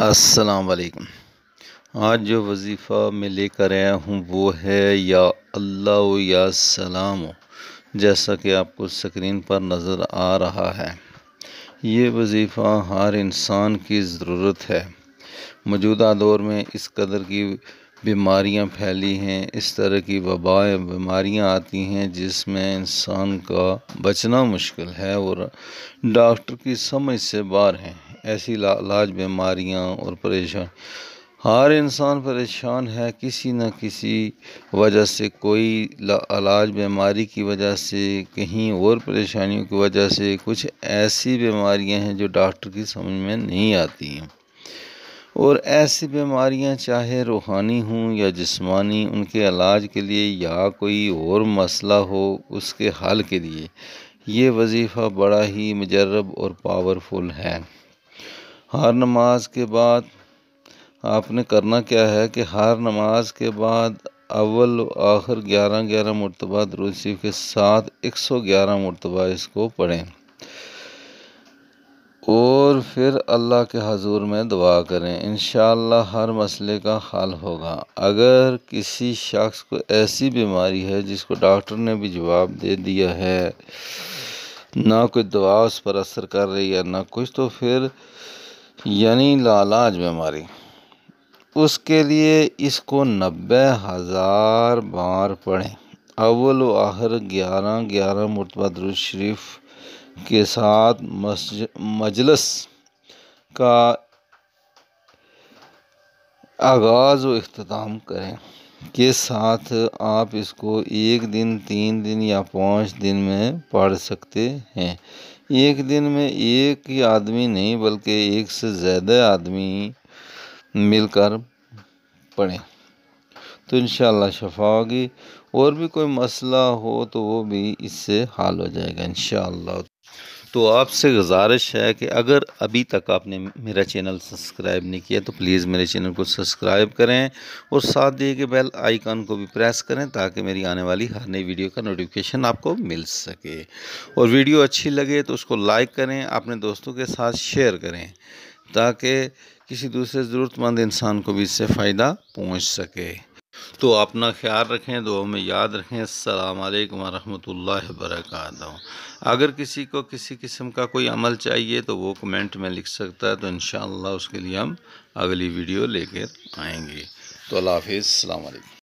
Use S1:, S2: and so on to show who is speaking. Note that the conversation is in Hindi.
S1: अस्सलाम वालेकुम आज जो वजीफ़ा मैं लेकर आया हूँ वो है या अल्लाह या सलाम जैसा कि आपको स्क्रीन पर नज़र आ रहा है ये वजीफ़ा हर इंसान की ज़रूरत है मौजूदा दौर में इस कदर की बीमारियाँ फैली हैं इस तरह की वबाएँ बीमारियाँ आती हैं जिसमें इंसान का बचना मुश्किल है और डॉक्टर की समझ से बाहर हैं ऐसी लाज बीमारियाँ और परेशान हर इंसान परेशान है किसी न किसी वजह से कोई इलाज बीमारी की वजह से कहीं और परेशानियों की वजह से कुछ ऐसी बीमारियां हैं जो डॉक्टर की समझ में नहीं आती हैं और ऐसी बीमारियां चाहे रूहानी हों या जिस्मानी उनके इलाज के लिए या कोई और मसला हो उसके हल के लिए ये वजीफ़ा बड़ा ही मजरब और पावरफुल है हर नमाज के बाद आपने करना क्या है कि हर नमाज के बाद अव्वल आखिर ग्यारह ग्यारह मरतबा दरूद के साथ एक सौ ग्यारह मरतबा इसको पढ़ें और फिर अल्लाह के हजूर में दुआ करें इन हर मसले का हल होगा अगर किसी शख्स को ऐसी बीमारी है जिसको डॉक्टर ने भी जवाब दे दिया है ना कोई दवा उस पर असर कर रही है ना कुछ तो फिर यानी लालाज बीमारी उसके लिए इसको नब्बे हज़ार बार पढ़ें अव्वल आखिर ग्यारह ग्यारह मरतबा शरीफ के साथ मजलस का आगाज़ व अख्ताम करें के साथ आप इसको एक दिन तीन दिन या पाँच दिन में पढ़ सकते हैं एक दिन में एक ही आदमी नहीं बल्कि एक से ज़्यादा आदमी मिलकर पढ़ें तो इन शफा होगी और भी कोई मसला हो तो वो भी इससे हाल हो जाएगा इन तो आपसे गुजारिश है कि अगर अभी तक आपने मेरा चैनल सब्सक्राइब नहीं किया तो प्लीज़ मेरे चैनल को सब्सक्राइब करें और साथ दिए गए बेल आइकन को भी प्रेस करें ताकि मेरी आने वाली हर नई वीडियो का नोटिफिकेशन आपको मिल सके और वीडियो अच्छी लगे तो उसको लाइक करें अपने दोस्तों के साथ शेयर करें ताकि किसी दूसरे ज़रूरतमंद इंसान को भी इससे फ़ायदा पहुँच सके दोस्तों अपना ख्याल रखें दो में याद रखें अल्लाम वरहमल वर्कू अगर किसी को किसी किस्म का कोई अमल चाहिए तो वो कमेंट में लिख सकता है तो इन उसके लिए हम अगली वीडियो लेकर आएंगे तो अल्लाह हाफिज़ अलैक्म